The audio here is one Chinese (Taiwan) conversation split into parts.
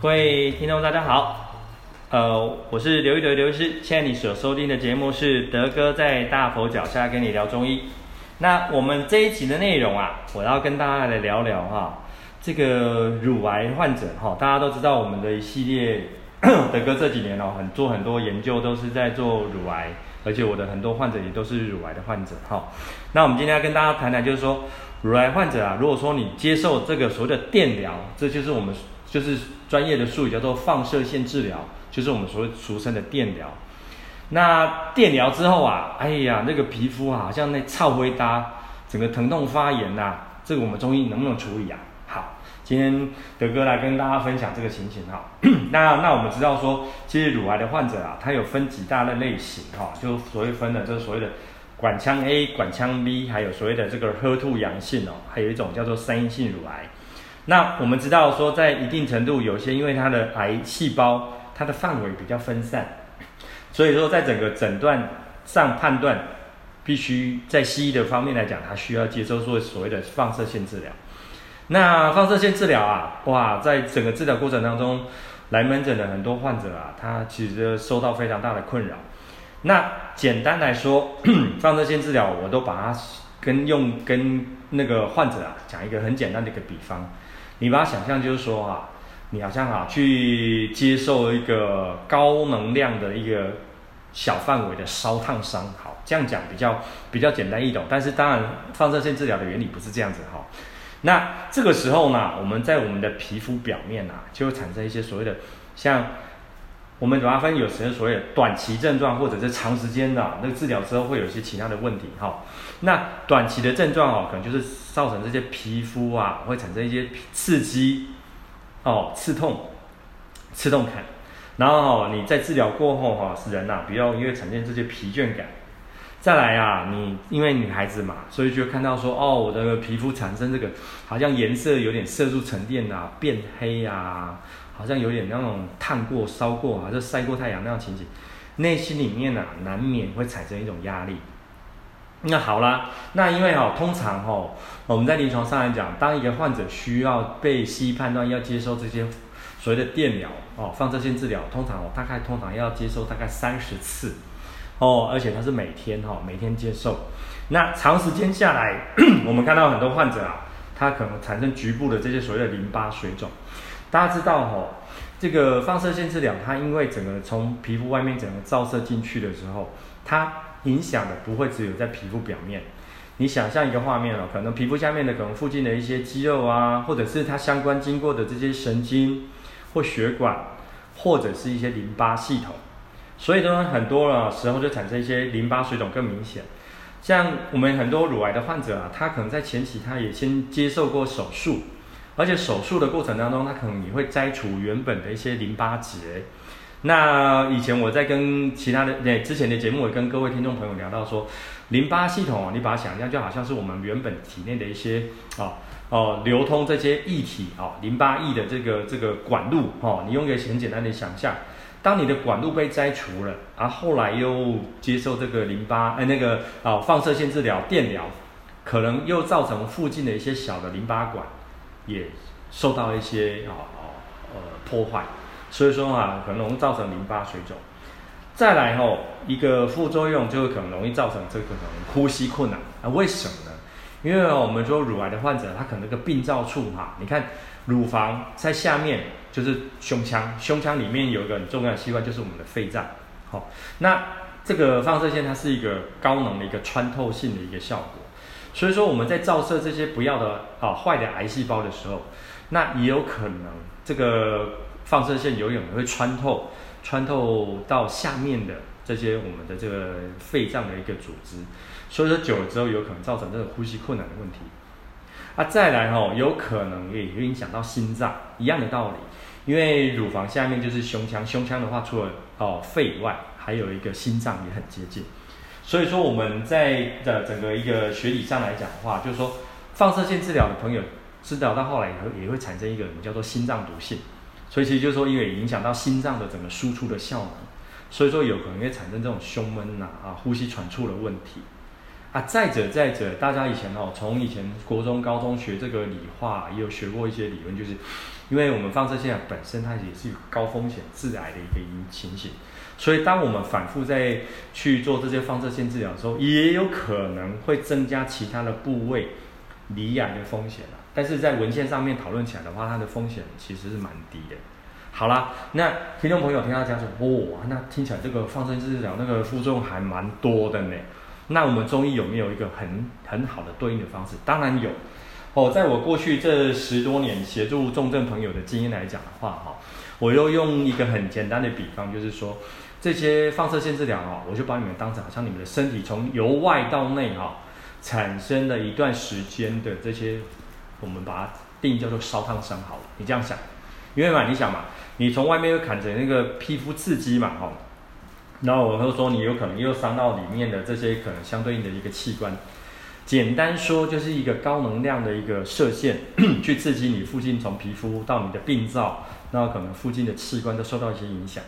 各位聽眾，大家好，呃，我是劉一德劉醫師，現在你所收聽的節目是德哥在大佛腳下跟你聊中醫。那我們這一集的內容啊，我要跟大家來聊聊哈，這個乳癌患者哈，大家都知道我們的一系列 德哥這幾年哦、喔，很做很多研究都是在做乳癌，而且我的很多患者也都是乳癌的患者哈。那我們今天要跟大家談談，就是說乳癌患者啊，如果說你接受這個所謂的電療，這就是我們就是。專業的術語叫做放射線治療，就是我們所謂俗稱的電療。那電療之後啊，哎呀，那個皮膚啊，好像那臭火乾，整個疼痛發炎吶、啊，這個我們中醫能不能處理啊？好，今天德哥來跟大家分享這個情形哈。 那那我們知道說，其實乳癌的患者啊，他有分幾大類類型哈，就所謂分的，就是所謂的管腔 A、管腔 B，還有所謂的這個 Her2 陽性哦，還有一種叫做三陰性乳癌。那我們知道說，在一定程度，有些因為它的癌細胞它的範圍比較分散，所以說在整個診斷上判斷，必須在西醫的方面來講，它需要接受做所謂的放射線治療。那放射線治療啊，哇，在整個治療過程當中，來門診的很多患者啊，他其實受到非常大的困擾。那簡單來說，放射線治療我都把它跟用跟那個患者啊講一個很簡單的一個比方。你把它想象就是說啊，你好像啊去接受一個高能量的一個小範圍的燒燙傷，好，這樣講比較比較簡單易懂。但是當然，放射線治療的原理不是這樣子哈。那這個時候呢，我們在我們的皮膚表面啊，就會產生一些所謂的像。我們主要分，有時所謂短期症狀，或者是長時間的那個治療之後，會有一些其他的問題哈。那短期的症狀哦，可能就是造成這些皮膚啊，會產生一些刺激，哦，刺痛，刺痛感。然後你在治療過後哈，使人啊比較容易產生這些疲倦感。再來啊，你因為女孩子嘛，所以就會看到說，哦，我的皮膚產生這個，好像顏色有點色素沉澱吶、啊，變黑啊。好像有點那種燙過、燒過，或者曬過太陽那樣情景，內心裡面啊，難免會產生一種壓力。那好啦，那因為哦，通常哦，我們在臨床上來講，當一個患者需要被西醫判斷要接受這些所謂的電療哦，放射線治療，通常哦，大概通常要接受大概三十次哦，而且它是每天哦，每天接受。那長時間下來，咳咳，我們看到很多患者啊，他可能產生局部的這些所謂的淋巴水腫。大家知道哈，這個放射線治療，它因為整個從皮膚外面整個照射進去的時候，它影響的不會只有在皮膚表面。你想象一個畫面哦，可能皮膚下面的可能附近的一些肌肉啊，或者是它相關經過的這些神經或血管，或者是一些淋巴系統。所以呢，很多了時候就產生一些淋巴水腫更明顯。像我們很多乳癌的患者啊，他可能在前期他也先接受過手術。而且手術的過程當中，它可能也會摘除原本的一些淋巴結。那以前我在跟其他的那、欸、之前的節目，我跟各位聽眾朋友聊到說，淋巴系統你把它想象就好像是我們原本體內的一些啊哦，哦流通這些液體啊、哦、淋巴液、e、的這個這個管路哦，你用一個很簡單的想象，當你的管路被摘除了，啊，後來又接受這個淋巴呃、哎，那個啊、哦、放射線治療、電療，可能又造成附近的一些小的淋巴管。也受到一些啊呃破壞，所以說啊，很容易造成淋巴水腫。再來吼、哦，一個副作用就可能容易造成這個可能呼吸困難啊？為什麼呢？因為、哦、我們說乳癌的患者，他可能那個病灶處哈、啊，你看乳房在下面就是胸腔，胸腔裡面有一個很重要的器官就是我們的肺臟。好、哦，那這個放射線它是一個高能的一個穿透性的一個效果。所以說我們在照射這些不要的啊壞的癌細胞的時候，那也有可能這個放射線有影也會穿透，穿透到下面的這些我們的這個肺臟的一個組織，所以說久了之後有可能造成這種呼吸困難的問題。啊，再來哈、哦，有可能也會影響到心臟，一樣的道理，因為乳房下面就是胸腔，胸腔的話除了哦肺以外，還有一個心臟也很接近。所以說我們在的整個一個學理上來講的話，就是說放射線治療的朋友治療到後來也會也會產生一個什麼叫做心臟毒性，所以其實就是說，因為影響到心臟的整個輸出的效能，所以說有可能會產生這種胸悶吶啊，啊呼吸喘促的問題啊。再者再者，大家以前哦從以前國中高中學這個理化啊，也有學過一些理論，就是因為我們放射線本身它也是有高風險致癌的一個情情形。所以，當我們反覆在去做這些放射線治療的時候，也有可能會增加其他的部位罹癌的風險。但是在文獻上面討論起來的話，它的風險其實是蠻低的。好啦，那聽眾朋友聽到家說，哇、哦，那聽起來這個放射線治療那個副作用還蠻多的呢。那我們中醫有沒有一個很很好的對應的方式？當然有哦。在我過去這十多年協助重症朋友的經驗來講的話，哈，我又用一個很簡單的比方，就是說。這些放射線治療哦，我就把你們當成好像你們的身體從由外到內哈，產生了一段時間的這些，我們把它定義叫做燒燙傷。好了，你這樣想，因為嘛，你想嘛，你從外面又砍着那個皮膚刺激嘛，吼，然後我就說，你有可能又傷到裡面的這些可能相對應的一個器官。簡單說，就是一個高能量的一個射線去刺激你附近，從皮膚到你的病灶，那可能附近的器官都受到一些影響。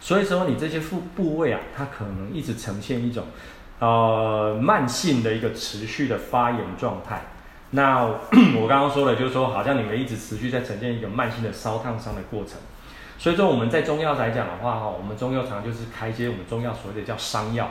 所以說你這些部部位啊，它可能一直呈現一種，呃，慢性的一個持續的發炎狀態。那我剛剛說了，就是說好像你們一直持續在呈現一個慢性的燒燙傷的過程。所以說我們在中藥來講的話，哈，我們中藥常常就是開一些我們中藥所謂的叫傷藥。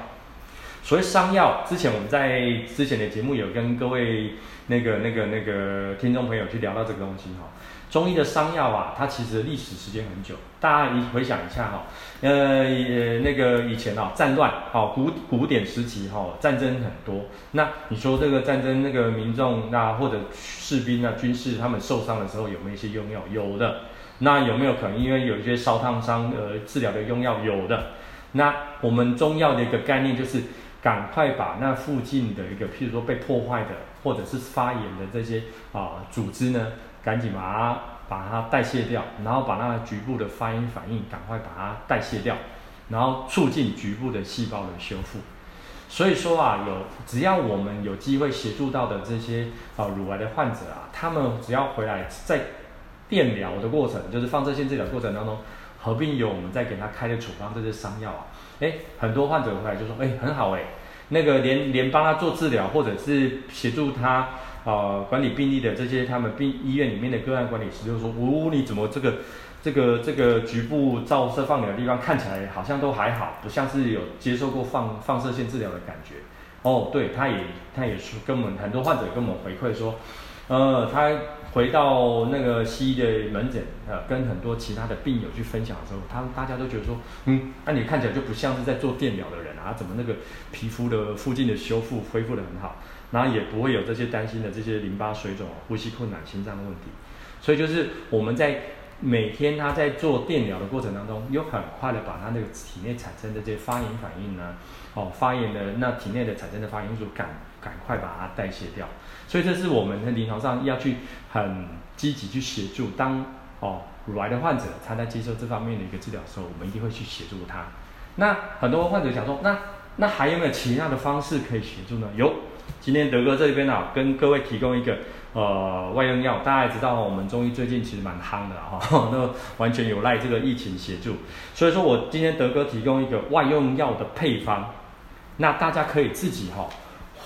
所謂傷藥，之前我們在之前的節目有跟各位那個那個那個聽眾朋友去聊到這個東西，哈。中醫的傷藥啊，它其實歷史時間很久。大家一回想一下哈、哦，呃，那個以前啊，戰亂哦，古古典時期哈、哦，戰爭很多。那你說這個戰爭那個民眾那、啊、或者士兵啊、軍事他們受傷的時候有沒有一些用藥？有的。那有沒有可能因為有一些燒燙傷呃治療的用藥？有的。那我們中藥的一個概念就是，趕快把那附近的一個譬如說被破壞的或者是發炎的這些啊、呃、組織呢。趕緊把它把它代謝掉，然後把那個局部的發炎反應趕快把它代謝掉，然後促進局部的細胞的修復。所以說啊，有只要我們有機會協助到的這些啊乳癌的患者啊，他們只要回來在電療的過程，就是放射線治療的過程當中，合併有我們在給他開的處方這些傷藥啊，哎，很多患者回來就說，哎，很好哎、欸。那個連連幫他做治療，或者是協助他啊、呃、管理病例的這些，他們病醫院裡面的個案管理師就說，嗚、呃，你怎麼這個這個這個局部照射放療的地方看起來好像都還好，不像是有接受過放放射線治療的感覺。哦，對，他也他也跟我們很多患者，跟我們回饋說，呃，他回到那個西醫的門診，呃，跟很多其他的病友去分享的時候，他大家都覺得說，嗯，那、啊、你看起來就不像是在做電療的人。啊，怎麼那個皮膚的附近的修復恢復得很好，然後也不會有這些擔心的這些淋巴水腫、呼吸困難、心臟的問題。所以就是我們在每天他在做電療的過程當中，又很快的把他那個體內產生的這些發炎反應呢、啊，哦發炎的那體內的產生的發炎素趕趕快把它代謝掉。所以這是我們在臨床上要去很積極去協助。當哦乳癌的患者他在接受這方面的一個治療的時候，我們一定會去協助他。那很多患者想說，那那還有沒有其他的方式可以協助呢？有，今天德哥這邊啊，跟各位提供一個呃外用藥。大家也知道，我們中醫最近其實蠻夯的哈，那、哦、完全有賴這個疫情協助。所以說我今天德哥提供一個外用藥的配方，那大家可以自己哈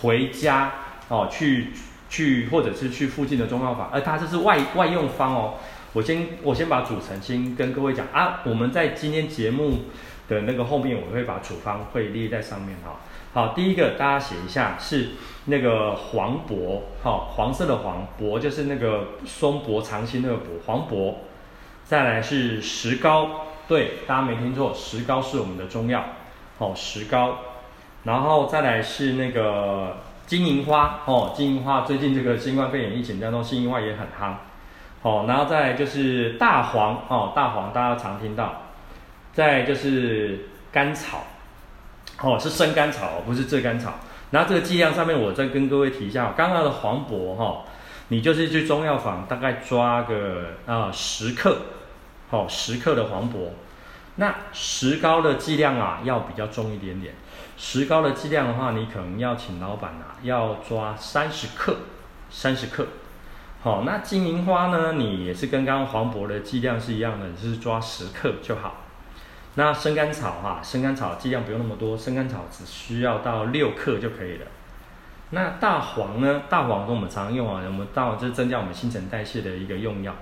回家哦去去或者是去附近的中藥房，而它這是外外用方哦。我先我先把組成先跟各位講啊，我們在今天節目。的那個後面我會把處方會列在上面哈。好，第一個大家寫一下是那個黃柏哈、哦，黃色的黃柏就是那個松柏長青那個柏、黃柏。再來是石膏，對，大家沒聽錯，石膏是我們的中藥哦，石膏。然後再來是那個金銀花哦，金銀花最近這個新冠肺炎疫情當中，金銀花也很夯。哦，然後再來就是大黃哦，大黃大家常聽到。再就是甘草，哦，是生甘草，不是炙甘草。那這個劑量上面，我再跟各位提一下。剛剛的黃柏哈、哦，你就是去中藥房大概抓個啊十、呃、克，好、哦、十克的黃柏。那石膏的劑量啊，要比較重一點點。石膏的劑量的話，你可能要請老闆啊，要抓三十克，三十克。好、哦，那金銀花呢，你也是跟剛剛黃柏的劑量是一樣的，就是抓十克就好。那生甘草哈、啊，生甘草劑量不用那麼多，生甘草只需要到六克就可以了。那大黃呢？大黃跟我們常用啊，我們大黃就是增加我們新陳代謝的一個用藥。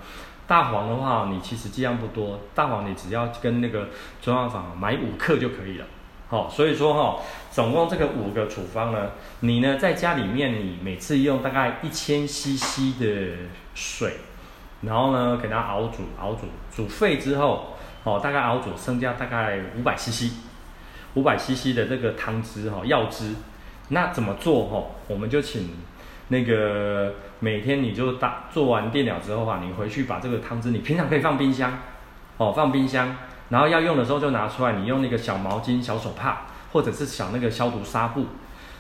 大黃的話，你其實劑量不多，大黃你只要跟那個中藥房買五克就可以了。好、哦，所以說哈、哦，總共這個五個處方呢，你呢在家裡面你每次用大概一千 CC 的水，然後呢給它熬煮，熬煮，煮沸之後。哦，大概熬煮，剩下大概五百 CC，五百 CC 的這個湯汁哈、哦、藥汁，那怎麼做哈、哦？我們就請那個每天你就打做完電療之後啊，你回去把這個湯汁，你平常可以放冰箱哦，放冰箱，然後要用的時候就拿出來，你用那個小毛巾、小手帕，或者是小那個消毒紗布，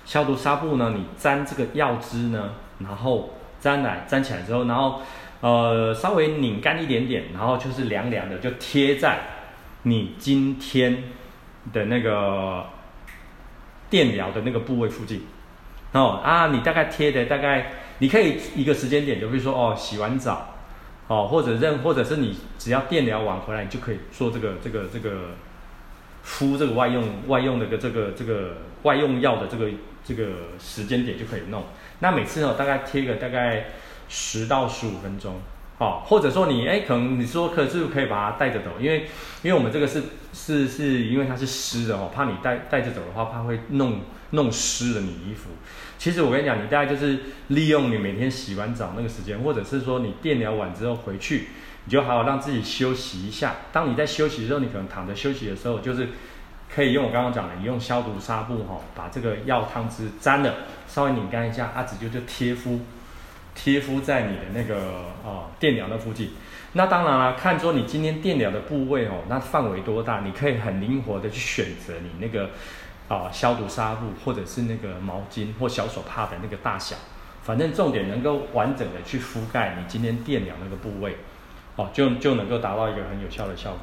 消毒紗布呢，你沾這個藥汁呢，然後沾來沾起來之後，然後。呃，稍微擰乾一點點，然後就是涼涼的，就貼在你今天的那個電療的那個部位附近。哦啊，你大概貼的大概，你可以一個時間點，就比如說哦，洗完澡，哦，或者任，或者是你只要電療完回來，你就可以做這個這個這個敷這個外用外用的個這個這個、這個、外用藥的這個這個時間點就可以弄。那每次呢、哦，大概貼個大概，十到十五分鐘，哦，或者說你哎、欸，可能你說可是不是可以把它帶着走？因為因為我們這個是是是因為它是濕的哦，怕你帶帶着走的話，怕會弄弄濕了你衣服。其實我跟你講，你大概就是利用你每天洗完澡那個時間，或者是說你電療完之後回去，你就好好讓自己休息一下。當你在休息的時候，你可能躺着休息的時候，就是可以用我剛剛講的，你用消毒紗布哈，把這個藥湯汁沾了，稍微擰乾一下，它、啊、直接就貼敷。貼敷在你的那個啊、哦、電療的附近，那當然了，看說你今天電療的部位哦，那範圍多大，你可以很靈活的去選擇你那個啊、哦、消毒紗布或者是那個毛巾或小手帕的那個大小，反正重點能夠完整的去覆蓋你今天電療那個部位，哦，就就能夠達到一個很有效的效果。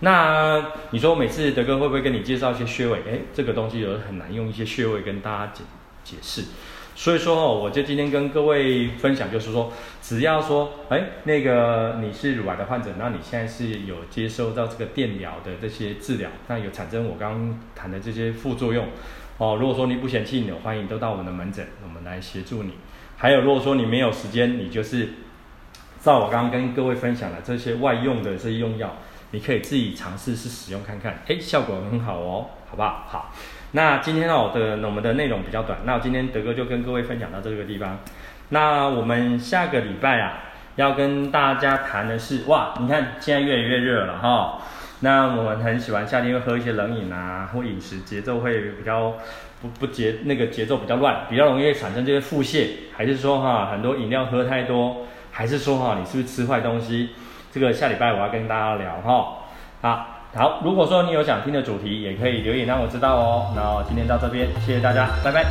那你說每次德哥會不會跟你介紹一些穴位？誒，這個東西有很難用一些穴位跟大家解解釋。所以說，我就今天跟各位分享，就是說，只要說，哎，那個你是乳癌的患者，那你現在是有接收到這個電療的這些治療，那有產生我剛剛談的這些副作用，哦，如果說你不嫌棄你，歡迎都到我們的門診，我們來協助你。還有，如果說你沒有時間，你就是照我剛剛跟各位分享的這些外用的這些用藥，你可以自己嘗試試使用看看，哎，效果很好哦，好不好？好。那今天哦的我們的內容比較短，那我今天德哥就跟各位分享到這個地方。那我們下個禮拜啊，要跟大家談的是，哇，你看現在越來越熱了哈、哦。那我們很喜歡夏天會喝一些冷飲啊，或飲食節奏會比較不不節那個節奏比較亂，比較容易會產生這些腹瀉，還是說哈、啊、很多飲料喝太多，還是說哈、啊、你是不是吃壞東西？這個下禮拜我要跟大家聊哈。哦啊好，如果說你有想聽的主題，也可以留言讓我知道哦。那我今天到這邊，謝謝大家，拜拜。